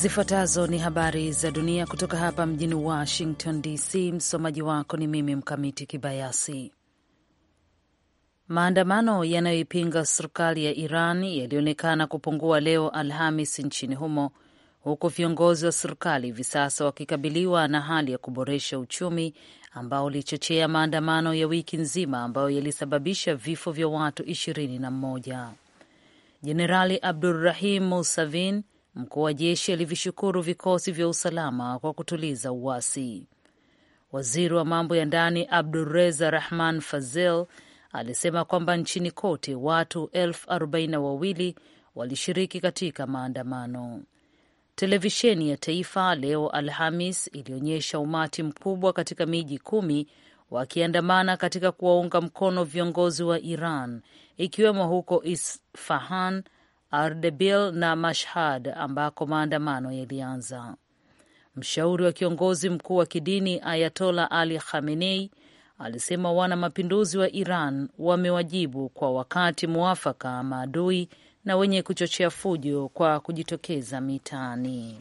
Zifuatazo ni habari za dunia kutoka hapa mjini Washington DC. Msomaji wako ni mimi Mkamiti Kibayasi. Maandamano yanayoipinga serikali ya Iran yalionekana kupungua leo Alhamis nchini humo, huku viongozi wa serikali hivi sasa wakikabiliwa na hali ya kuboresha uchumi ambao ulichochea maandamano ya wiki nzima ambayo yalisababisha vifo vya watu ishirini na mmoja. Jenerali Abdurrahim Musavin Mkuu wa jeshi alivishukuru vikosi vya usalama kwa kutuliza uasi. Waziri wa mambo ya ndani Abdureza Rahman Fazil alisema kwamba nchini kote watu elfu arobaini na wawili walishiriki katika maandamano. Televisheni ya taifa leo Alhamis ilionyesha umati mkubwa katika miji kumi wakiandamana katika kuwaunga mkono viongozi wa Iran, ikiwemo huko Isfahan Ardebil na Mashhad ambako maandamano yalianza. Mshauri wa kiongozi mkuu wa kidini Ayatola Ali Khamenei alisema wana mapinduzi wa Iran wamewajibu kwa wakati mwafaka maadui na wenye kuchochea fujo kwa kujitokeza mitaani.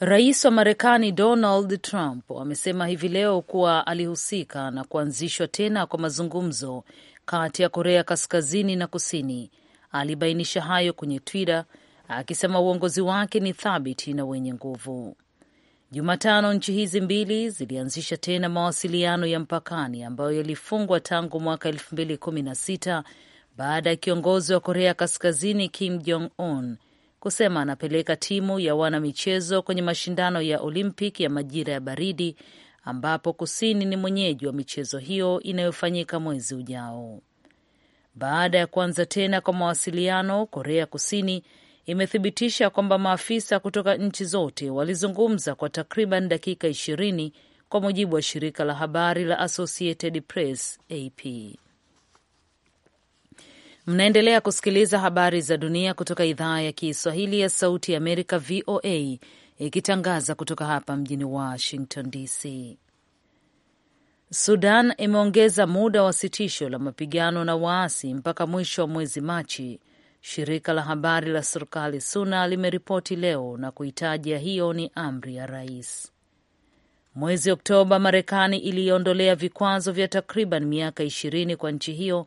Rais wa Marekani Donald Trump amesema hivi leo kuwa alihusika na kuanzishwa tena kwa mazungumzo kati ya Korea Kaskazini na Kusini. Alibainisha hayo kwenye Twitter akisema uongozi wake ni thabiti na wenye nguvu. Jumatano, nchi hizi mbili zilianzisha tena mawasiliano ya mpakani ambayo yalifungwa tangu mwaka 2016 baada ya kiongozi wa Korea Kaskazini Kim Jong Un kusema anapeleka timu ya wanamichezo kwenye mashindano ya olimpic ya majira ya baridi ambapo Kusini ni mwenyeji wa michezo hiyo inayofanyika mwezi ujao. Baada ya kuanza tena kwa mawasiliano, Korea Kusini imethibitisha kwamba maafisa kutoka nchi zote walizungumza kwa takriban dakika ishirini kwa mujibu wa shirika la habari la Associated Press AP. Mnaendelea kusikiliza habari za dunia kutoka idhaa ya Kiswahili ya Sauti ya Amerika VOA ikitangaza kutoka hapa mjini Washington DC. Sudan imeongeza muda wa sitisho la mapigano na waasi mpaka mwisho wa mwezi Machi, shirika la habari la serikali SUNA limeripoti leo na kuitaja hiyo ni amri ya rais. Mwezi Oktoba, Marekani iliondolea vikwazo vya takriban miaka ishirini kwa nchi hiyo,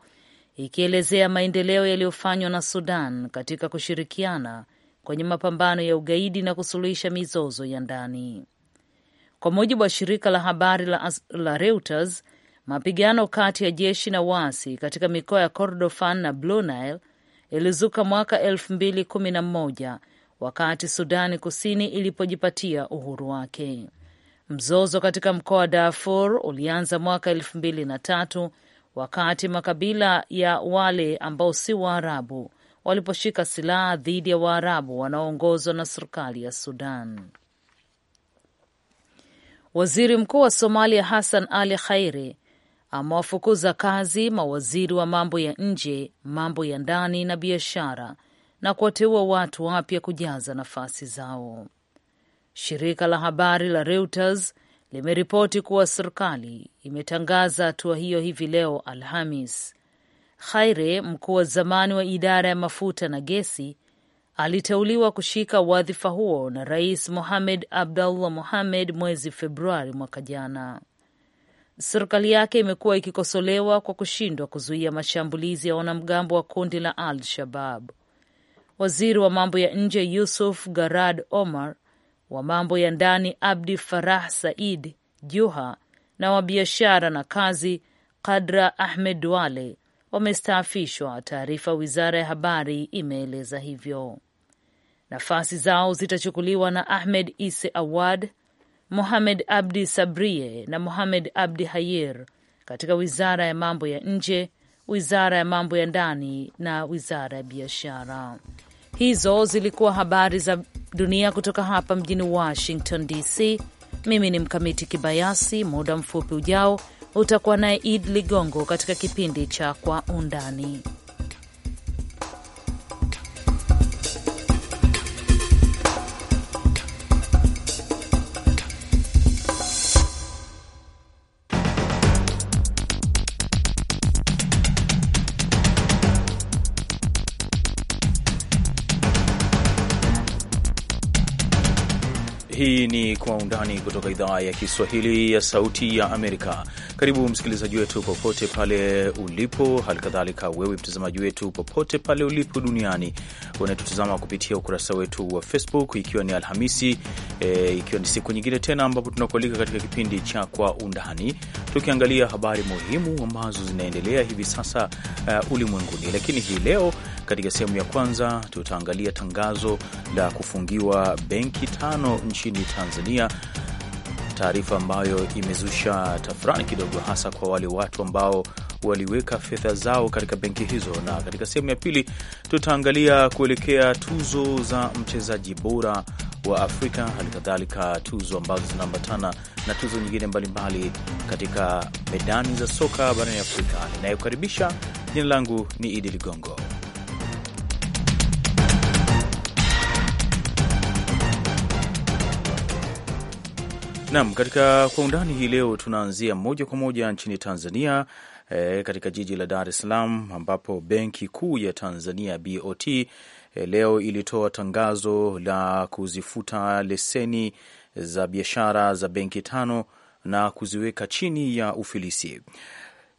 ikielezea maendeleo yaliyofanywa na Sudan katika kushirikiana kwenye mapambano ya ugaidi na kusuluhisha mizozo ya ndani. Kwa mujibu wa shirika la habari la, la Reuters, mapigano kati ya jeshi na waasi katika mikoa ya Kordofan na Blue Nile ilizuka mwaka elfu wakati Sudani Kusini ilipojipatia uhuru wake. Mzozo katika mkoa wa Darfur ulianza mwaka 2 wakati makabila ya wale ambao si Waarabu waliposhika silaha dhidi ya Waarabu wanaoongozwa na serikali ya Sudan. Waziri Mkuu wa Somalia Hassan Ali Khairi amewafukuza kazi mawaziri wa mambo ya nje, mambo ya ndani na biashara na kuwateua watu wapya kujaza nafasi zao. Shirika la habari la Reuters limeripoti kuwa serikali imetangaza hatua hiyo hivi leo Alhamis, Khaire, mkuu wa zamani wa idara ya mafuta na gesi, aliteuliwa kushika wadhifa huo na Rais Mohamed Abdullah Mohamed mwezi Februari mwaka jana. Serikali yake imekuwa ikikosolewa kwa kushindwa kuzuia mashambulizi ya wanamgambo wa kundi la Al Shabab. Waziri wa mambo ya nje Yusuf Garad Omar, wa mambo ya ndani Abdi Farah Said Juha na wa biashara na kazi Kadra Ahmed Dwale wamestaafishwa, taarifa wizara ya habari imeeleza hivyo. Nafasi zao zitachukuliwa na Ahmed ise Awad, Mohamed Abdi Sabrie na Mohamed Abdi Hayir katika wizara ya mambo ya nje, wizara ya mambo ya ndani na wizara ya biashara. Hizo zilikuwa habari za dunia kutoka hapa mjini Washington DC. Mimi ni Mkamiti Kibayasi. Muda mfupi ujao Utakuwa naye Id Ligongo katika kipindi cha Kwa Undani. Kwa Undani kutoka idhaa ya Kiswahili ya Sauti ya Amerika. Karibu msikilizaji wetu popote pale ulipo, hali kadhalika wewe mtazamaji wetu popote pale ulipo duniani unatutazama kupitia ukurasa wetu wa Facebook, ikiwa ni Alhamisi e, ikiwa ni siku nyingine tena ambapo tunakualika katika kipindi cha Kwa Undani, tukiangalia habari muhimu ambazo zinaendelea hivi sasa uh, ulimwenguni. Lakini hii leo katika sehemu ya kwanza tutaangalia tangazo la kufungiwa benki tano nchini Tanzania, taarifa ambayo imezusha tafurani kidogo, hasa kwa wale watu ambao waliweka fedha zao katika benki hizo. Na katika sehemu ya pili tutaangalia kuelekea tuzo za mchezaji bora wa Afrika, hali kadhalika tuzo ambazo zinaambatana na tuzo nyingine mbalimbali mbali katika medani za soka barani Afrika. Ninayokaribisha, jina langu ni Idi Ligongo. Naam, katika kwa undani hii leo tunaanzia moja kwa moja nchini Tanzania e, katika jiji la Dar es Salaam ambapo Benki Kuu ya Tanzania BOT e, eh, leo ilitoa tangazo la kuzifuta leseni za biashara za benki tano na kuziweka chini ya ufilisi.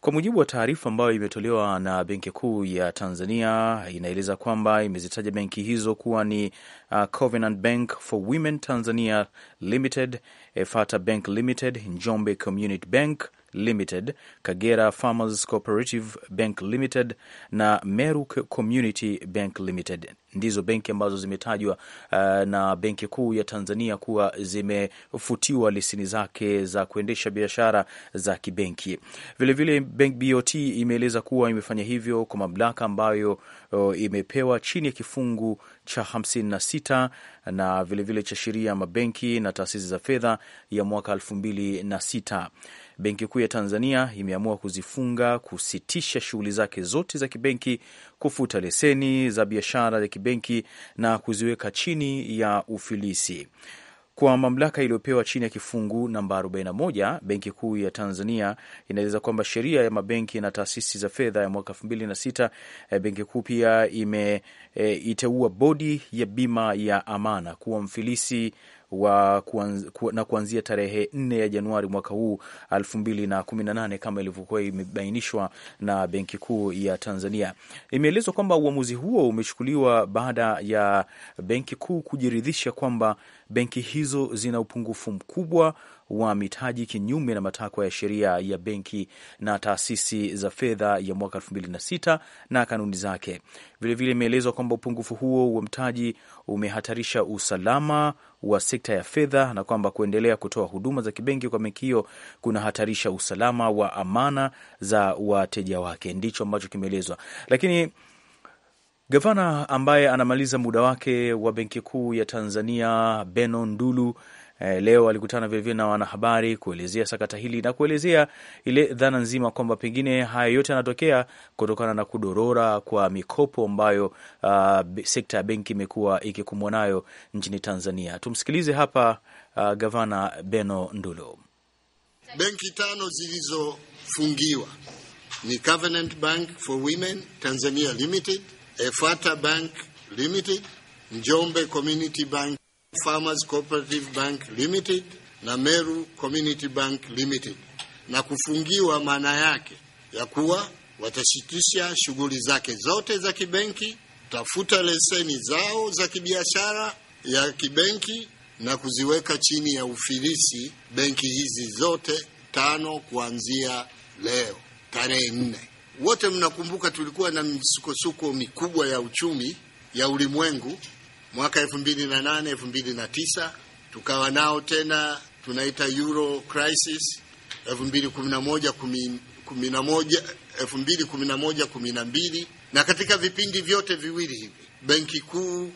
Kwa mujibu wa taarifa ambayo imetolewa na Benki Kuu ya Tanzania, inaeleza kwamba imezitaja benki hizo kuwa ni uh, Covenant Bank for Women Tanzania Limited, Efata Bank Limited, Njombe Community Bank Limited, Kagera Farmers Cooperative Bank Limited na Meru Community Bank Limited ndizo benki ambazo zimetajwa uh, na Benki Kuu ya Tanzania kuwa zimefutiwa leseni zake za kuendesha biashara za kibenki. Vilevile Bank BOT imeeleza kuwa imefanya hivyo kwa mamlaka ambayo uh, imepewa chini ya kifungu cha 56 na vilevile cha sheria ya mabenki na taasisi za fedha ya mwaka 2006. Benki Kuu ya Tanzania imeamua kuzifunga, kusitisha shughuli zake zote za kibenki, kufuta leseni za biashara ya kibenki na kuziweka chini ya ufilisi kwa mamlaka iliyopewa chini ya kifungu namba 41 Benki Kuu ya Tanzania inaeleza kwamba sheria ya mabenki na taasisi za fedha ya mwaka 2006 eh, Benki Kuu pia imeiteua eh, e, bodi ya bima ya amana kuwa mfilisi wa kuanz, ku, na kuanzia tarehe 4 ya Januari mwaka huu nane kama ilivyokuwa imebainishwa na Benki Kuu ya Tanzania. Imeelezwa kwamba uamuzi huo umechukuliwa baada ya Benki Kuu kujiridhisha kwamba benki hizo zina upungufu mkubwa wa mitaji kinyume na matakwa ya sheria ya benki na taasisi za fedha ya mwaka 2006 na kanuni zake. Vilevile imeelezwa kwamba upungufu huo wa mtaji umehatarisha usalama wa sekta ya fedha na kwamba kuendelea kutoa huduma za kibenki kwa benki hiyo kunahatarisha usalama wa amana za wateja wake, ndicho ambacho kimeelezwa. Lakini gavana ambaye anamaliza muda wake wa Benki Kuu ya Tanzania Beno Ndulu eh, leo alikutana vilevile na wanahabari kuelezea sakata hili na kuelezea ile dhana nzima kwamba pengine haya yote yanatokea kutokana na kudorora kwa mikopo ambayo uh, sekta ya benki imekuwa ikikumbwa nayo nchini Tanzania. Tumsikilize hapa uh, Gavana Beno Ndulu. Benki tano zilizofungiwa ni Covenant Bank for Women Tanzania Limited, Efata Bank Limited, Njombe Community Bank Farmers Cooperative Bank Limited na Meru Community Bank Limited, na kufungiwa maana yake ya kuwa watasitisha shughuli zake zote za kibenki, tafuta leseni zao za kibiashara ya kibenki na kuziweka chini ya ufilisi benki hizi zote tano kuanzia leo tarehe nne. Wote mnakumbuka tulikuwa na misukosuko mikubwa ya uchumi ya ulimwengu Mwaka elfu mbili na nane elfu mbili na tisa tukawa nao tena, tunaita euro crisis elfu mbili kumi na moja kumi na moja elfu mbili kumi na moja kumi na mbili na katika vipindi vyote viwili hivi benki kuu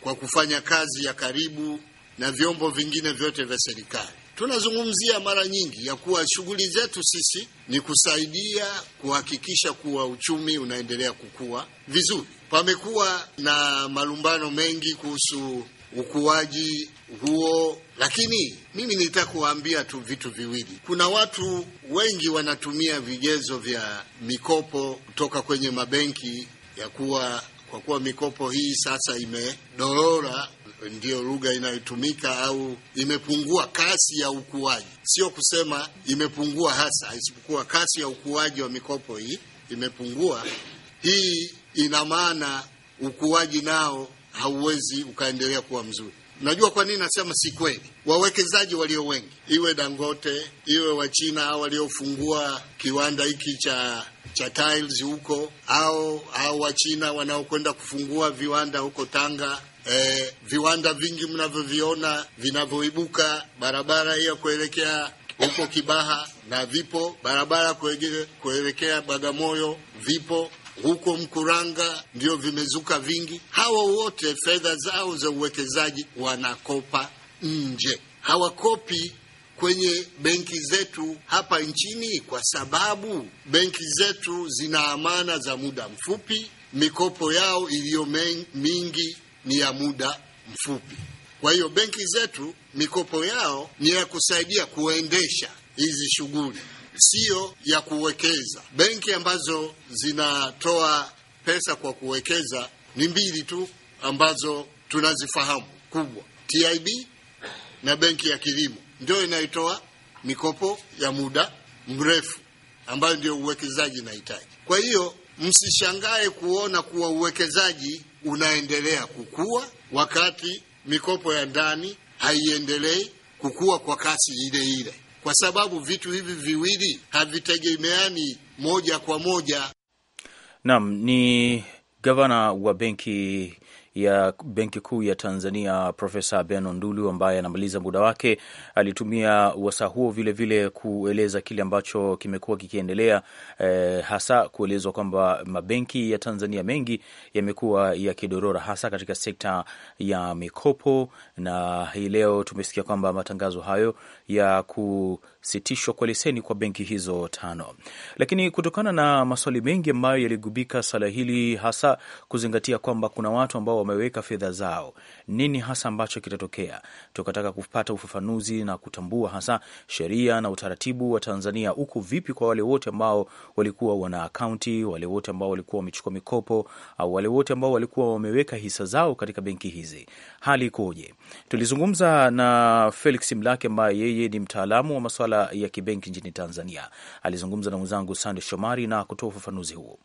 kwa kufanya kazi ya karibu na vyombo vingine vyote vya serikali tunazungumzia mara nyingi ya kuwa shughuli zetu sisi ni kusaidia kuhakikisha kuwa uchumi unaendelea kukua vizuri. Pamekuwa na malumbano mengi kuhusu ukuaji huo, lakini mimi nitaka kuwaambia tu vitu viwili. Kuna watu wengi wanatumia vigezo vya mikopo kutoka kwenye mabenki ya kuwa, kwa kuwa mikopo hii sasa imedorora ndiyo lugha inayotumika au imepungua kasi ya ukuaji. Sio kusema imepungua hasa, isipokuwa kasi ya ukuaji wa mikopo hii imepungua. Hii ina maana ukuaji nao hauwezi ukaendelea kuwa mzuri. Najua kwa nini nasema si kweli. Wawekezaji walio wengi, iwe Dangote, iwe Wachina waliofungua kiwanda hiki cha cha tiles huko, au au Wachina wanaokwenda kufungua viwanda huko Tanga. E, viwanda vingi mnavyoviona vinavyoibuka barabara hiyo kuelekea huko Kibaha na vipo barabara kuelekea Bagamoyo vipo huko Mkuranga ndio vimezuka vingi. Hawa wote fedha zao za uwekezaji wanakopa nje, hawakopi kwenye benki zetu hapa nchini, kwa sababu benki zetu zina amana za muda mfupi. Mikopo yao iliyo mingi ni ya muda mfupi. Kwa hiyo benki zetu mikopo yao ni ya kusaidia kuendesha hizi shughuli siyo ya kuwekeza. Benki ambazo zinatoa pesa kwa kuwekeza ni mbili tu ambazo tunazifahamu kubwa, TIB na benki ya kilimo, ndio inayotoa mikopo ya muda mrefu ambayo ndio uwekezaji inahitaji. Kwa hiyo msishangae kuona kuwa uwekezaji unaendelea kukua wakati mikopo ya ndani haiendelei kukua kwa kasi ile ile kwa sababu vitu hivi viwili havitegemeani moja kwa moja. Naam, ni gavana wa benki ya Benki Kuu ya Tanzania Profesa Beno Ndulu ambaye anamaliza muda wake, alitumia wasaa huo vilevile kueleza kile ambacho kimekuwa kikiendelea, eh, hasa kuelezwa kwamba mabenki ya Tanzania mengi yamekuwa yakidorora hasa katika sekta ya mikopo, na hii leo tumesikia kwamba matangazo hayo ya kusitishwa kwa leseni kwa benki hizo tano, lakini kutokana na maswali mengi ambayo yaligubika sala hili hasa kuzingatia kwamba kuna watu ambao wameweka fedha zao, nini hasa ambacho kitatokea? Tukataka kupata ufafanuzi na kutambua hasa sheria na utaratibu wa Tanzania uko vipi kwa wale wote ambao walikuwa wana akaunti, wale wote ambao walikuwa wamechukua mikopo, au wale wote ambao walikuwa wameweka hisa zao katika benki hizi, hali ikoje? Tulizungumza na Felix Mlake ambaye yeye ni mtaalamu wa masuala ya kibenki nchini Tanzania. Alizungumza na mwenzangu Sande Shomari na kutoa ufafanuzi huo.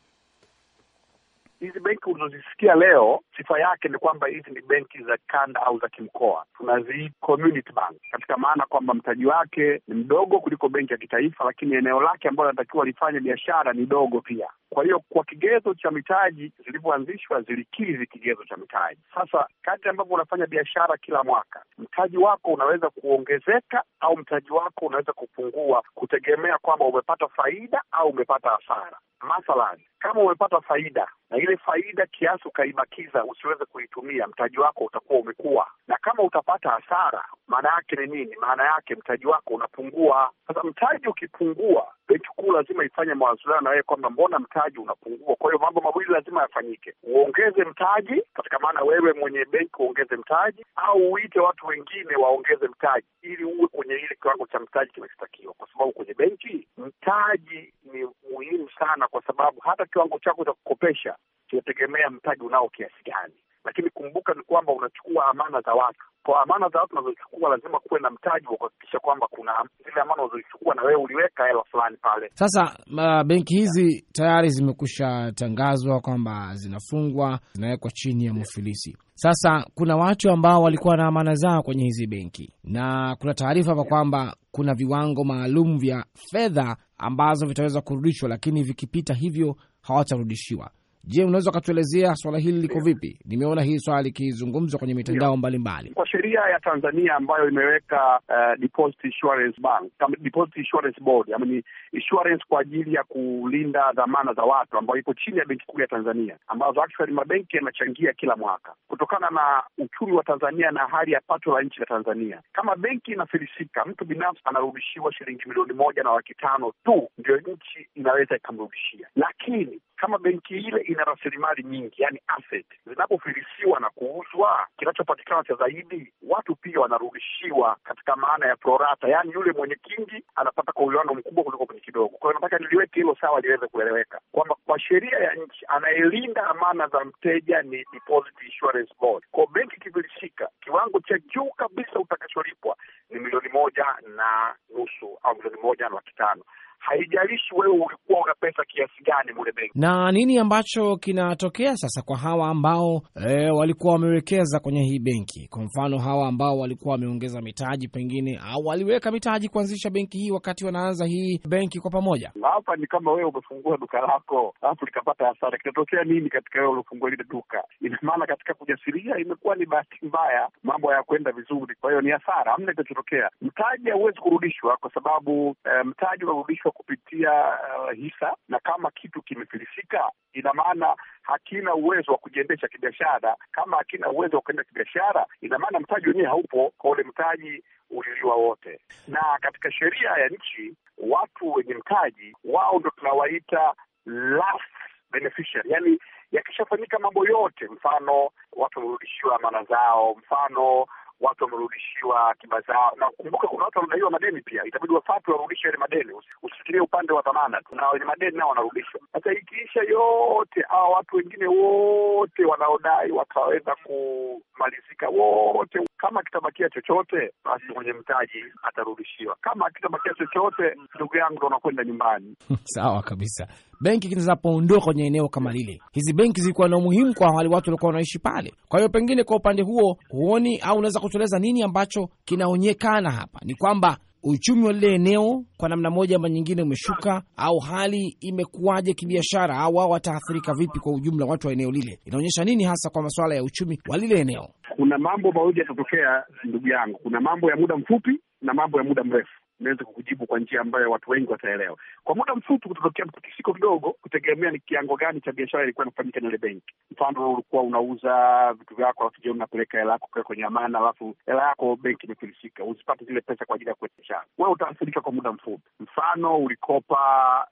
Hizi benki unazisikia leo sifa yake ni kwamba hizi ni benki za kanda au za kimkoa, tunazii community bank katika maana kwamba mtaji wake ni mdogo kuliko benki ya kitaifa, lakini eneo lake ambalo anatakiwa lifanye biashara ni dogo pia. Kwa hiyo kwa kigezo cha mitaji zilivyoanzishwa zilikidhi kigezo cha mitaji. Sasa kati ambavyo unafanya biashara kila mwaka, mtaji wako unaweza kuongezeka au mtaji wako unaweza kupungua kutegemea kwamba umepata faida au umepata hasara. Mathalan, kama umepata faida na ile faida kiasi ukaibakiza usiweze kuitumia, mtaji wako utakuwa umekuwa. Na kama utapata hasara, maana yake ni nini? Maana yake mtaji wako unapungua. Sasa mtaji ukipungua, benki kuu lazima ifanye mawasiliano na wewe kwamba mbona mtaji unapungua. Kwa hiyo mambo mawili lazima yafanyike, uongeze mtaji katika maana wewe mwenye benki uongeze mtaji, au uite watu wengine waongeze mtaji, ili uwe kwenye ile kiwango cha mtaji kinachotakiwa, kwa sababu kwenye benki mtaji ni muhimu sana, kwa sababu hata kiwango chako cha kukopesha kinategemea mtaji unao kiasi gani, lakini kumbuka ni kwamba unachukua amana za watu. Kwa amana za watu unazochukua, lazima kuwe na mtaji wa kuhakikisha kwamba kuna zile amana unazochukua na wewe uliweka hela fulani pale. Sasa uh, benki hizi tayari zimekusha tangazwa kwamba zinafungwa, zinawekwa chini ya mufilisi. Sasa kuna watu ambao walikuwa na amana zao kwenye hizi benki, na kuna taarifa hapa kwamba kuna viwango maalum vya fedha ambazo vitaweza kurudishwa, lakini vikipita hivyo hawatarudishiwa. Je, unaweza ukatuelezea swala hili liko vipi? Nimeona hii swala likizungumzwa kwenye mitandao mbalimbali. Kwa sheria ya Tanzania ambayo imeweka uh, Deposit Insurance Bank, Deposit Insurance Board, yaani insurance kwa ajili ya kulinda dhamana za watu ambayo iko chini ya Benki Kuu ya Tanzania, ambazo actually mabenki yanachangia kila mwaka kutokana na uchumi wa Tanzania na hali ya pato la nchi la Tanzania. Kama benki inafilisika, mtu binafsi anarudishiwa shilingi milioni moja na laki tano tu ndio nchi inaweza ikamrudishia, lakini kama benki ile ina rasilimali nyingi, yani asset zinapofirisiwa na kuuzwa, kinachopatikana cha zaidi watu pia wanarudishiwa katika maana ya prorata, yani yule mwenye kingi anapata kwa uwiano mkubwa kuliko kwenye kidogo. Kwa hiyo nataka niliweke hilo sawa, liweze kueleweka kwamba kwa sheria ya nchi anayelinda amana za mteja ni Deposit Insurance Board. Kwa benki ikifilisika, kiwango cha juu kabisa utakacholipwa ni milioni moja na nusu au milioni moja na laki tano haijalishi wewe ulikuwa una pesa kiasi gani mule benki. Na nini ambacho kinatokea sasa kwa hawa ambao e, walikuwa wamewekeza kwenye hii benki? Kwa mfano hawa ambao walikuwa wameongeza mitaji pengine, au waliweka mitaji kuanzisha benki hii wakati wanaanza hii benki kwa pamoja. Hapa ni kama wewe umefungua duka lako alafu likapata hasara, kinatokea nini katika wewe uliofungua lile duka? Ina maana katika kujasiria imekuwa ni bahati mbaya, mambo hayakwenda vizuri, kwa hiyo ni hasara. Hamna itachotokea mtaji hauwezi kurudishwa kwa sababu e, mtaji unarudishwa kupitia uh, hisa, na kama kitu kimefilisika, ina maana hakina uwezo wa kujiendesha kibiashara. Kama hakina uwezo wa kuenda kibiashara, ina maana mtaji wenyewe haupo kwa ule mtaji uliliwa wote. Na katika sheria ya nchi, watu wenye mtaji wao ndo tunawaita last beneficiary, yani yakishafanyika mambo yote, mfano watu wamerudishiwa amana zao, mfano watu wamerudishiwa akiba zao, na kumbuka, kuna watu wanadaiwa madeni pia, itabidi wafatu warudishe yale madeni, usifikirie upande wa dhamana tu, na wenye madeni nao wanarudishwa. Sasa ikiisha yote, hawa watu wengine wote wanaodai wataweza kumalizika wote. Kama akitabakia chochote, basi mwenye mtaji atarudishiwa. Kama akitabakia chochote, ndugu yangu, ndo unakwenda nyumbani. Sawa kabisa benki zinapoondoka kwenye eneo kama lile. Hizi benki zilikuwa na umuhimu kwa wale watu walikuwa wanaishi pale. Kwa hiyo pengine kwa upande huo huoni au unaweza kutueleza nini ambacho kinaonyekana hapa? Ni kwamba uchumi wa lile eneo kwa namna moja ama nyingine umeshuka, au hali imekuwaje kibiashara, au wao wataathirika vipi kwa ujumla, watu wa eneo lile? Inaonyesha nini hasa kwa masuala ya uchumi wa lile eneo? Kuna mambo mawili yatatokea, ndugu yangu. Kuna mambo ya muda mfupi na mambo ya muda mrefu niweze kukujibu kwa njia ambayo watu wengi wataelewa. Kwa muda mfupi kutotokea mtikisiko kidogo, kutegemea ni kiango gani cha biashara ilikuwa inafanyika na ile benki. Mfano, ulikuwa unauza vitu vyako, alafu je, unapeleka hela yako kwenye amana, alafu hela yako benki imefilisika, uzipate zile pesa kwa ajili ya kuwezeshana, wewe utaathirika kwa muda mfupi. Mfano, ulikopa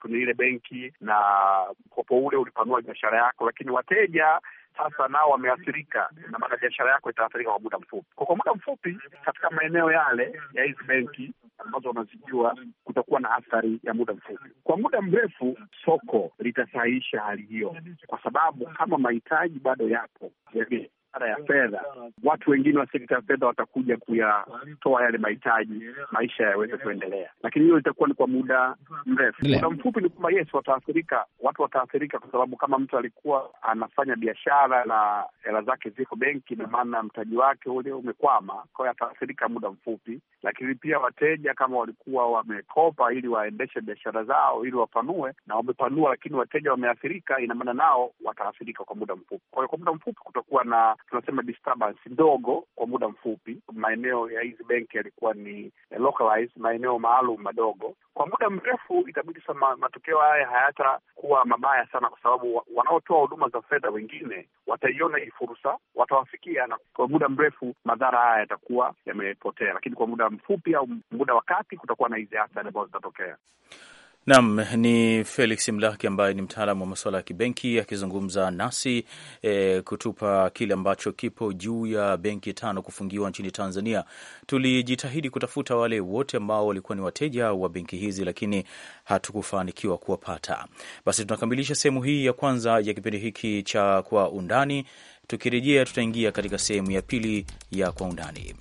kwenye ile benki na mkopo ule ulipanua biashara yako, lakini wateja sasa nao wameathirika, na maana biashara yako itaathirika kwa muda mfupi. kwa muda mfupi katika maeneo yale ya hizi benki ambazo wanazijua, kutakuwa na athari ya muda mfupi. Kwa muda mrefu, soko litasahihisha hali hiyo, kwa sababu kama mahitaji bado yapo ya biashara ya fedha, watu wengine wa sekta ya fedha watakuja kuyatoa yale mahitaji, maisha yaweze kuendelea, lakini hiyo itakuwa ni kwa muda mrefu. Muda mfupi ni kwamba yes, wataathirika, watu wataathirika, kwa sababu kama mtu alikuwa anafanya biashara na hela zake ziko benki, na maana mtaji wake ule umekwama, kwa hiyo ataathirika muda mfupi, lakini pia wateja kama walikuwa wamekopa ili waendeshe biashara zao ili wapanue na wamepanua, lakini wateja wameathirika, ina maana nao wataathirika kwa muda mfupi. Kwa hiyo kwa muda mfupi kutakuwa na tunasema disturbance ndogo kwa muda mfupi. Maeneo ya hizi benki yalikuwa ni localized, maeneo maalum madogo. Kwa muda mrefu itabidi sama, matokeo haya hayatakuwa mabaya sana, kwa sababu wanaotoa huduma za fedha wengine wataiona hii fursa, watawafikia, na kwa muda mrefu madhara haya yatakuwa yamepotea, lakini kwa muda mfupi au muda wa kati, kutakuwa na hizi athari ambazo zitatokea. Naam, ni Felix Mlaki ambaye ni mtaalamu wa masuala ya kibenki akizungumza nasi e, kutupa kile ambacho kipo juu ya benki tano kufungiwa nchini Tanzania. Tulijitahidi kutafuta wale wote ambao walikuwa ni wateja wa benki hizi, lakini hatukufanikiwa kuwapata. Basi tunakamilisha sehemu hii ya kwanza ya kipindi hiki cha Kwa Undani. Tukirejea tutaingia katika sehemu ya pili ya Kwa Undani.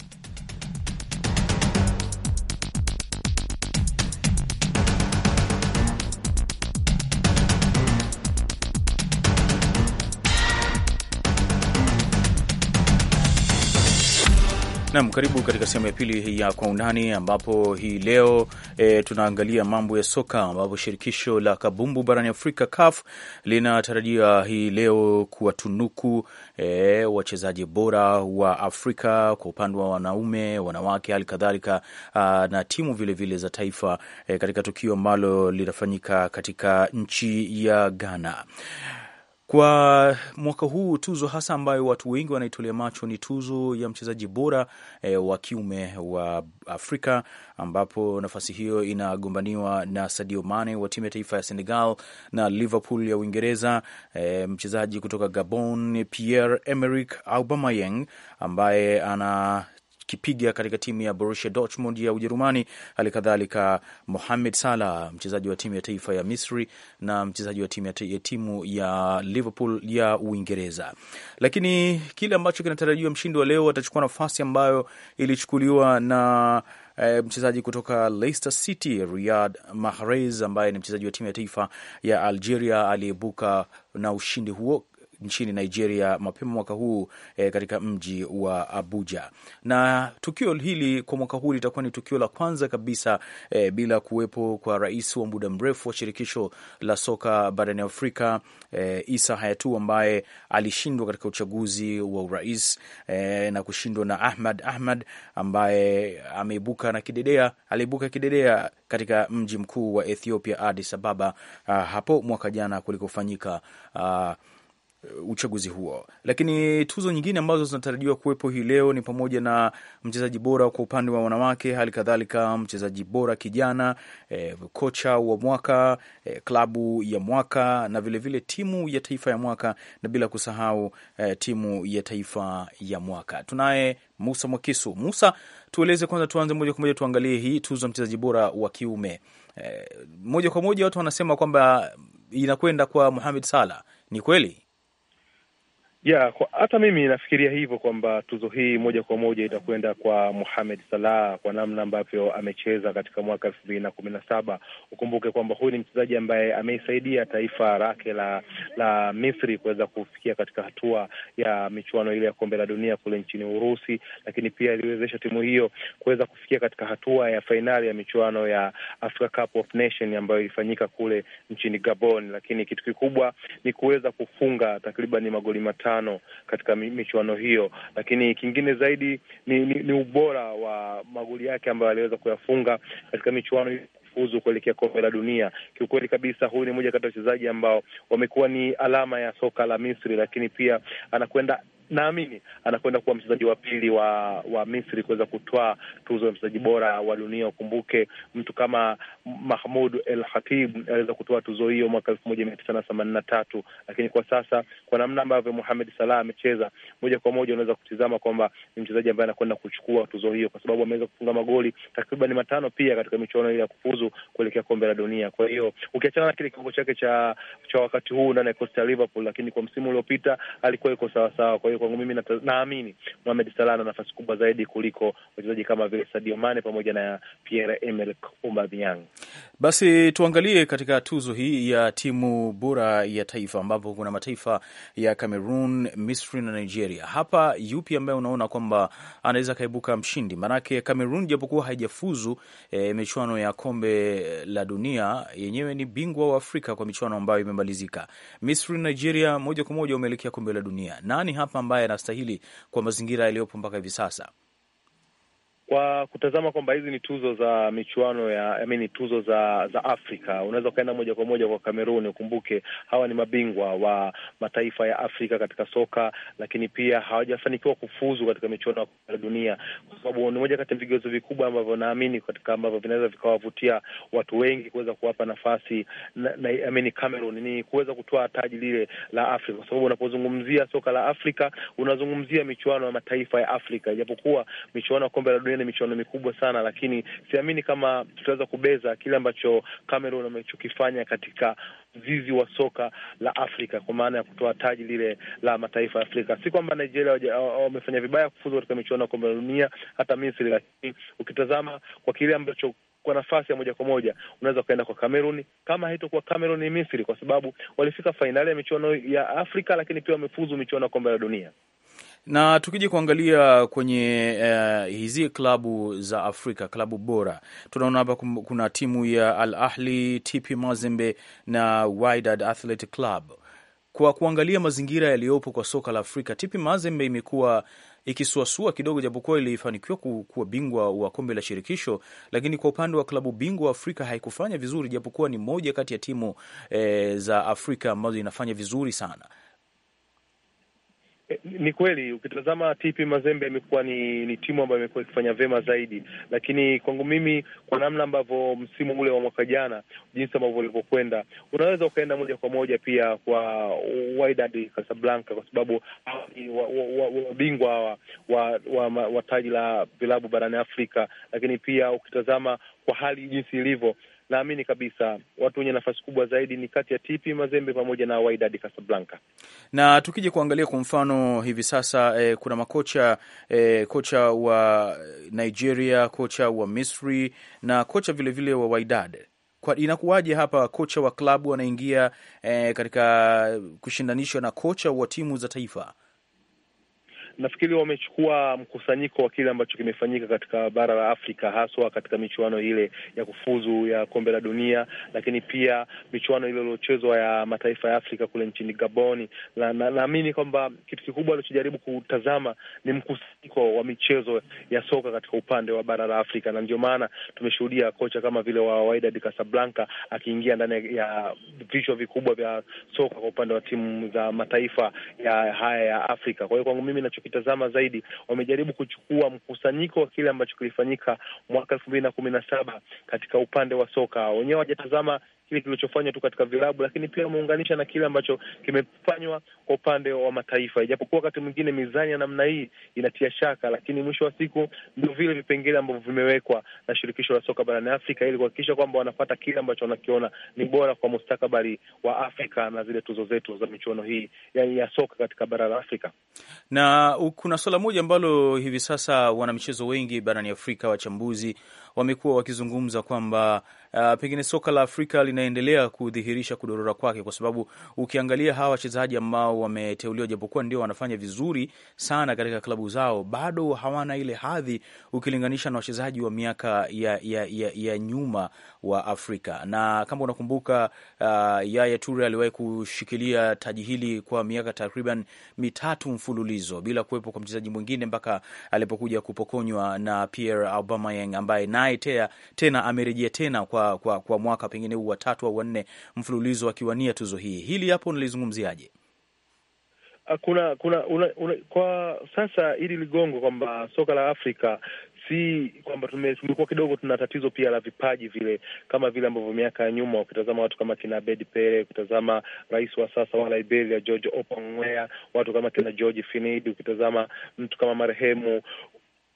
Nam, karibu katika sehemu ya pili ya Kwa Undani, ambapo hii leo e, tunaangalia mambo ya soka, ambapo shirikisho la kabumbu barani Afrika, CAF, linatarajia hii leo kuwatunuku e, wachezaji bora wa Afrika kwa upande wa wanaume, wanawake, hali kadhalika ah, na timu vilevile vile za taifa e, katika tukio ambalo linafanyika katika nchi ya Ghana. Kwa mwaka huu tuzo hasa ambayo watu wengi wanaitolea macho ni tuzo ya mchezaji bora e, wa kiume wa Afrika, ambapo nafasi hiyo inagombaniwa na Sadio Mane wa timu ya taifa ya Senegal na Liverpool ya Uingereza, e, mchezaji kutoka Gabon Pierre Emerick Aubameyang ambaye ana kipiga katika timu ya Borussia Dortmund ya Ujerumani. Hali kadhalika Mohamed Salah, mchezaji wa timu ya taifa ya Misri na mchezaji wa timu ya, ya, timu ya Liverpool ya Uingereza. Lakini kile ambacho kinatarajiwa, mshindi wa leo atachukua nafasi ambayo ilichukuliwa na E, mchezaji kutoka Leicester City Riyad Mahrez ambaye ni mchezaji wa timu ya taifa ya Algeria aliyebuka na ushindi huo nchini Nigeria mapema mwaka huu e, katika mji wa Abuja. Na tukio hili kwa mwaka huu litakuwa ni tukio la kwanza kabisa e, bila kuwepo kwa rais wa muda mrefu wa shirikisho la soka barani Afrika e, eh, Isa Hayatu ambaye alishindwa katika uchaguzi wa urais e, na kushindwa na Ahmad Ahmad ambaye ameibuka na kidedea, aliibuka kidedea katika mji mkuu wa Ethiopia Addis Ababa ah, hapo mwaka jana kulikofanyika ah, Eh, uchaguzi huo. Lakini tuzo nyingine ambazo zinatarajiwa kuwepo hii leo ni pamoja na mchezaji bora kwa upande wa wanawake, hali kadhalika mchezaji bora kijana, e, kocha wa mwaka, e, klabu ya mwaka na vilevile vile timu ya taifa ya mwaka na bila kusahau e, timu ya taifa ya mwaka. Tunaye Musa Mwakisu. Musa, tueleze kwanza, tuanze moja kwa moja, tuangalie hii tuzo ya mchezaji bora wa kiume. E, moja kwa moja watu wanasema kwamba inakwenda kwa Mohamed Salah, ni kweli? Yeah, hata mimi nafikiria hivyo kwamba tuzo hii moja kwa moja itakwenda kwa Mohamed Salah kwa namna ambavyo amecheza katika mwaka elfu mbili na kumi na saba. Ukumbuke kwamba huyu ni mchezaji ambaye ameisaidia taifa lake la la Misri kuweza kufikia katika hatua ya michuano ile ya kombe la dunia kule nchini Urusi, lakini pia iliwezesha timu hiyo kuweza kufikia katika hatua ya fainali ya michuano ya Africa Cup of Nation ambayo ilifanyika kule nchini Gabon, lakini kitu kikubwa ni kuweza kufunga takriban magoli matatu tano katika michuano hiyo, lakini kingine zaidi ni, ni, ni ubora wa magoli yake ambayo aliweza kuyafunga katika michuano hiyo fuzu kuelekea kombe la dunia. Kiukweli kabisa, huyu ni mmoja kati ya wachezaji ambao wamekuwa ni alama ya soka la Misri, lakini pia anakwenda naamini anakwenda kuwa mchezaji wa pili wa wa Misri kuweza kutoa tuzo ya mchezaji bora wa dunia. Ukumbuke mtu kama Mahmud El Hatib aliweza kutoa tuzo hiyo mwaka elfu moja mia tisa na themanini na tatu, lakini kwa sasa kwa namna ambavyo muhamed Salah amecheza, moja kwa moja unaweza kutizama kwamba ni mchezaji ambaye anakwenda kuchukua tuzo hiyo, kwa sababu ameweza kufunga magoli takriban matano pia katika michuano ile ya kufuzu kuelekea kombe la dunia. Kwa hiyo ukiachana na kile kiwango chake cha cha wakati huu ndani ya Costa Liverpool, lakini kwa msimu uliopita alikuwa iko sawasawa. Kwa hiyo kwangu mimi naamini Mohamed Salah ana nafasi kubwa zaidi kuliko wachezaji kama vile Sadio Mane pamoja na Pierre Emerick Aubameyang. Basi tuangalie katika tuzo hii ya timu bora ya taifa ambapo kuna mataifa ya Cameroon, Misri na Nigeria. Hapa yupi ambaye unaona kwamba anaweza akaibuka mshindi? Maanake Cameroon japokuwa haijafuzu e, michuano ya kombe la dunia, yenyewe ni bingwa wa Afrika kwa michuano ambayo imemalizika. Misri na Nigeria moja kwa moja umeelekea kombe la dunia. Nani hapa ambaye anastahili kwa mazingira yaliyopo mpaka hivi sasa kwa kutazama kwamba hizi ni tuzo za michuano ya I mean, tuzo za za Afrika. Unaweza ukaenda moja kwa moja kwa Kamerun. Ukumbuke hawa ni mabingwa wa mataifa ya Afrika katika soka, lakini pia hawajafanikiwa kufuzu katika michuano ya dunia, kwa sababu ni moja kati ya vigezo vikubwa ambavyo naamini katika ambavyo vinaweza vikawavutia watu wengi kuweza kuwapa nafasi na, na, I mean, Cameroon ni kuweza kutoa taji lile la Afrika, kwa sababu unapozungumzia soka la Afrika unazungumzia michuano ya mataifa ya Afrika, ijapokuwa michuano ya kombe la dunia ni michuano mikubwa sana, lakini siamini kama tutaweza kubeza kile ambacho Cameroon amechokifanya katika zizi wa soka la Afrika kwa maana ya kutoa taji lile la mataifa ya Afrika. Si kwamba Nigeria wamefanya vibaya kufuzu katika michuano ya kombe la dunia, hata Misri, lakini ukitazama kwa kile ambacho kwa nafasi ya moja kwa moja unaweza ukaenda kwa Cameroon, kama haitokuwa Cameroon ni Misri, kwa sababu walifika fainali ya michuano ya Afrika, lakini pia wamefuzu michuano ya kombe la dunia. Na tukija kuangalia kwenye uh, hizi klabu za Afrika, klabu bora, tunaona hapa kuna timu ya Al Ahli, TP Mazembe na Wydad Athletic Club. Kwa kuangalia mazingira yaliyopo kwa soka la Afrika, TP Mazembe imekuwa ikisuasua kidogo, japokuwa ilifanikiwa kuwa bingwa wa kombe la shirikisho, lakini kwa upande wa klabu bingwa Afrika haikufanya vizuri, japokuwa ni moja kati ya timu e, za Afrika ambazo inafanya vizuri sana. Eh, ni kweli ukitazama TP Mazembe imekuwa ni, ni timu ambayo imekuwa ikifanya vyema zaidi, lakini kwangu mimi, kwa namna ambavyo msimu ule wa mwaka jana, jinsi ambavyo ulivyokwenda, unaweza ukaenda moja kwa moja pia kwa Wydad Casablanca kwa sababu wabingwa hawa wa, wa, wa, wa taji la vilabu barani Afrika, lakini pia ukitazama kwa hali jinsi ilivyo naamini kabisa watu wenye nafasi kubwa zaidi ni kati ya TP Mazembe pamoja na Wydad Casablanca. Na tukija kuangalia kwa mfano hivi sasa eh, kuna makocha eh, kocha wa Nigeria, kocha wa Misri na kocha vilevile vile wa Wydad Inakuwaje hapa kocha wa klabu anaingia eh, katika kushindanishwa na kocha wa timu za taifa? nafikiri wamechukua mkusanyiko wa kile ambacho kimefanyika katika bara la Afrika, haswa katika michuano ile ya kufuzu ya kombe la dunia, lakini pia michuano ile iliyochezwa ya mataifa ya Afrika kule nchini Gaboni. Naamini na kwamba kitu kikubwa alichojaribu kutazama ni mkusanyiko wa michezo ya soka katika upande wa bara la Afrika, na ndio maana tumeshuhudia kocha kama vile wa Wydad Casablanca akiingia ndani ya vichwa vikubwa vya soka kwa upande wa timu za mataifa ya haya ya Afrika. Kwa hiyo kwangu mimi nacho tukitazama zaidi, wamejaribu kuchukua mkusanyiko wa kile ambacho kilifanyika mwaka elfu mbili na kumi na saba katika upande wa soka. Wenyewe wajatazama kile kilichofanywa tu katika vilabu, lakini pia umeunganisha na kile ambacho kimefanywa kwa upande wa mataifa. Ijapokuwa wakati mwingine mizani ya namna hii inatia shaka, lakini mwisho wa siku ndio vile vipengele ambavyo vimewekwa na shirikisho la soka barani Afrika ili kuhakikisha kwamba wanapata kile ambacho wanakiona ni bora kwa mustakabali wa Afrika na zile tuzo zetu za michuano hii yani ya soka katika bara la Afrika. Na kuna swala moja ambalo hivi sasa wanamichezo wengi barani Afrika, wachambuzi wamekuwa wakizungumza kwamba uh, pengine soka la Afrika linaendelea kudhihirisha kudorora kwake, kwa sababu ukiangalia hawa wachezaji ambao wameteuliwa, japokuwa ndio wanafanya vizuri sana katika klabu zao, bado hawana ile hadhi ukilinganisha na wachezaji wa miaka ya, ya, ya, ya nyuma wa Afrika. Na kama unakumbuka, uh, Yaya Toure aliwahi kushikilia taji hili kwa miaka takriban mitatu mfululizo bila kuwepo kwa mchezaji mwingine mpaka alipokuja kupokonywa na Pierre Aubameyang ambaye naye tena amerejea tena kwa kwa, kwa, mwaka pengine huu watatu au wanne mfululizo akiwania tuzo hii. Hili hapo unalizungumziaje? Ah, kuna, kuna una, una, kwa sasa ili ligongo kwamba soka la Afrika si kwamba tumekuwa kidogo, tuna tatizo pia la vipaji vile kama vile ambavyo miaka ya nyuma, ukitazama watu kama kina Abedi Pele, ukitazama rais wa sasa wa Liberia George Opongwea, watu kama kina George Finidi, ukitazama mtu kama marehemu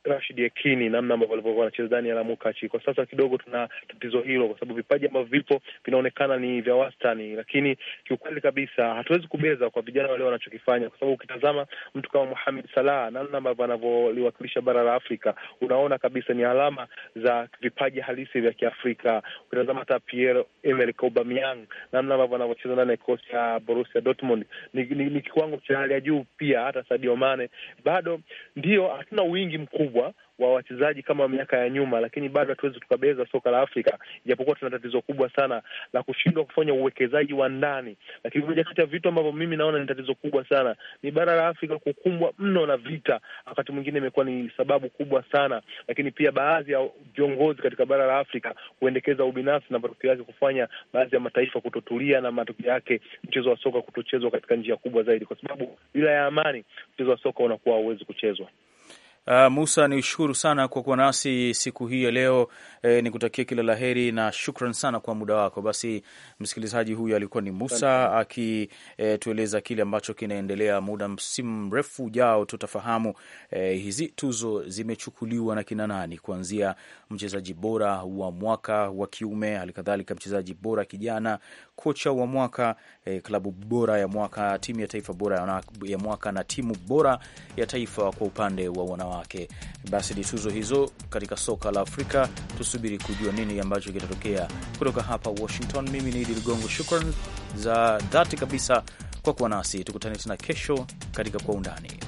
Rashid Yakini, namna ambavyo walivyokuwa anacheza ndani ya Kwa sasa kidogo tuna tatizo hilo, kwa sababu vipaji ambavyo vipo vinaonekana ni vya wastani, lakini kiukweli kabisa hatuwezi kubeza kwa vijana wale wanachokifanya, kwa sababu ukitazama mtu kama Mohamed Salah, namna ambavyo anavyoliwakilisha bara la Afrika, unaona kabisa ni alama za vipaji halisi vya Kiafrika. Ukitazama hata Pierre Emerick Aubameyang, namna ambavyo anavyocheza ndani ya kikosi cha Borussia Dortmund ni, ni, ni kiwango cha hali ya juu. Pia hata Sadio Mane bado ndio hatuna wingi mkubwa mkubwa wa wachezaji kama miaka ya nyuma, lakini bado hatuwezi tukabeza soka la Afrika, ijapokuwa tuna tatizo kubwa sana la kushindwa kufanya uwekezaji wa ndani. Lakini moja kati ya vitu ambavyo mimi naona ni tatizo kubwa sana ni bara la Afrika kukumbwa mno na vita, wakati mwingine imekuwa ni sababu kubwa sana, lakini pia baadhi ya viongozi katika bara la Afrika kuendekeza ubinafsi na matokeo yake kufanya baadhi ya mataifa kutotulia, na matokeo yake mchezo wa soka kutochezwa katika njia kubwa zaidi, kwa sababu bila ya amani mchezo wa soka unakuwa hauwezi kuchezwa. Uh, Musa, ni shukuru sana kwa kuwa nasi siku hii ya leo eh, ni kutakia kila la heri na shukran sana kwa muda wako. Basi msikilizaji, huyu alikuwa ni Musa akitueleza eh, kile ambacho kinaendelea. Muda msimu mrefu ujao tutafahamu eh, hizi tuzo zimechukuliwa na kina nani, kuanzia mchezaji bora wa mwaka wa kiume, halikadhalika mchezaji bora kijana, kocha wa mwaka eh, klabu bora ya mwaka, timu ya taifa bora ya mwaka na timu bora ya taifa kwa upande wa wanawake wake. Basi ni tuzo hizo katika soka la Afrika, tusubiri kujua nini ambacho kitatokea kutoka hapa Washington. Mimi ni Idi Ligongo, shukran za dhati kabisa kwa kuwa nasi. Tukutane tena kesho katika Kwa Undani.